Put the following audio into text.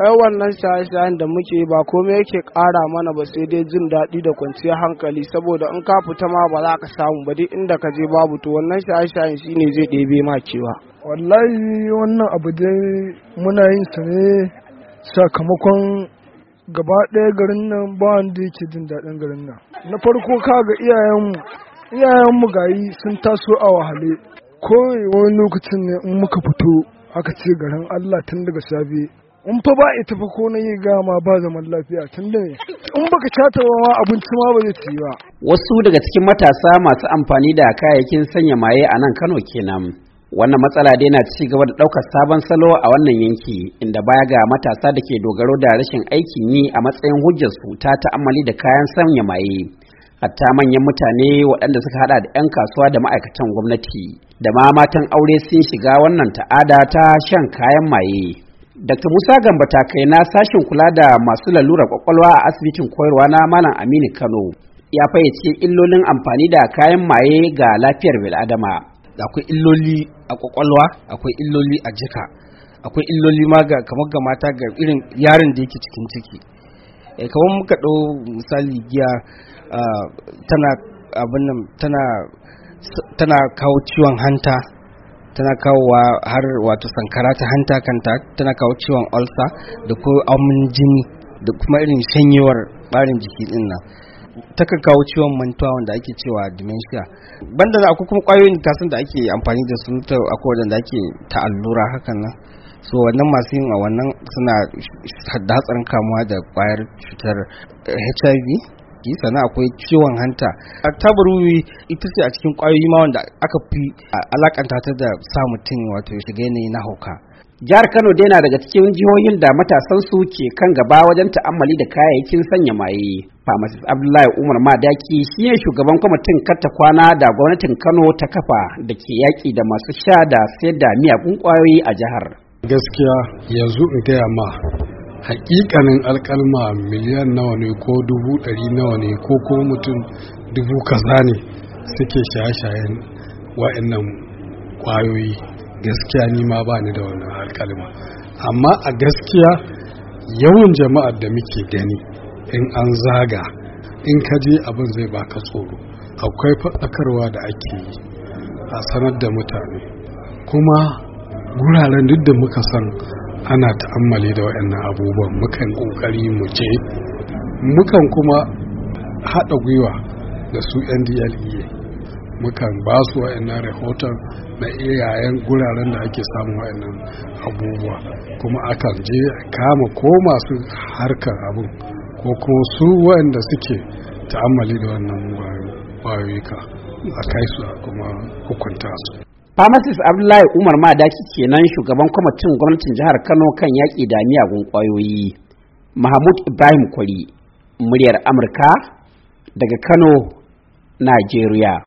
wannan shaye-shayen da muke ba komai yake ƙara mana ba sai dai jin daɗi da kwanciyar hankali saboda in ka fita ma ba za ka samu ba dai inda ka je babu to wannan shaye-shayen shine zai ɗebe ma kewa. wallahi wannan abu dai muna yin sa ne sakamakon gaba ɗaya garin nan ba wanda yake jin daɗin garin nan na farko kaga iyayenmu iyayenmu gayi sun taso a wahale ko wani lokacin ne in muka fito aka ce garin Allah tun daga safe in fa ba ita fa ko na yi gama ba zaman lafiya tun da in baka cata ma abinci ma ba zai ci ba wasu daga cikin matasa masu amfani da kayayyakin sanya maye a nan Kano kenan wannan matsala dai na ci gaba da ɗaukar sabon salo a wannan yanki inda baya ga matasa da ke dogaro da rashin aikin yi a matsayin hujjarsu ta ta'ammali da kayan sanya maye hatta manyan mutane waɗanda suka hada da 'yan kasuwa da ma'aikatan gwamnati da ma matan aure sun shiga wannan ta'ada ta shan kayan maye Dr. Musa Gambata kai na sashen kula da masu lalurar kwakwalwa a asibitin koyarwa na Malam Aminu Kano ya fayyace illolin amfani da kayan maye ga lafiyar bil'adama. Akwai illoli a kwakwalwa, akwai illoli a jika, akwai illoli ma ga kamar ga mata ga irin yaron da yake cikin ciki. E, kamar muka ɗau misali giya ah, tana tana kawo ciwon hanta tana kawowa har wato sankara ta hanta kanta tana kawo ciwon ulcer da ko amin jini da kuma irin shanyewar barin jiki din nan kan kawo ciwon mantuwa wanda ake cewa dementia banda da akwai kuma kwayoyin kasan da ake amfani da su ta akwai wadanda ake ta allura hakan nan so wannan masu yin a wannan suna hatsarin kamuwa da kwayar cutar hiv jiki sannan akwai ciwon hanta taburuwi ita ce a cikin kwayoyi ma wanda aka fi alakanta ta da sa mutum wato shiga yanayi na hauka jihar kano dai na daga cikin jihohin da matasan su ke kan gaba wajen ta'ammali da kayayyakin sanya maye famasis abdullahi umar madaki shi ne shugaban kwamitin karta kwana da gwamnatin kano ta kafa da ke yaki da masu sha da sayar da miyagun kwayoyi a jihar gaskiya yanzu in gaya ma hakikanin alkalma miliyan nawa ne ko dubu ɗari nawa ne ko ko mutum dubu kaza ne suke shaye-shayen wa'annan kwayoyi gaskiya ni ma ba ni da wannan alkalma amma a gaskiya yawan jama'ar da muke gani in an zaga in ka je abin zai baka tsoro akwai faɗakarwa da ake yi a sanar da mutane kuma guraren duk da muka san ana ta'ammali da waɗannan abubuwan mukan ƙoƙari mu ce mukan kuma haɗa gwiwa da su ndlea mukan ba su waɗannan rahoton na iyayen guraren da ake samun waɗannan abubuwa kuma akan je kama ko masu harkar abin ko ko su waɗanda suke ta'ammali da wannan wayoyika a kai su kuma hukunta su Pharmacist Abdullahi Umar Madaki kenan shugaban kwamitin gwamnatin jihar Kano kan yaƙi da miyagun ƙwayoyi. Mahmud Ibrahim Kwari, muryar Amurka daga Kano, Najeriya.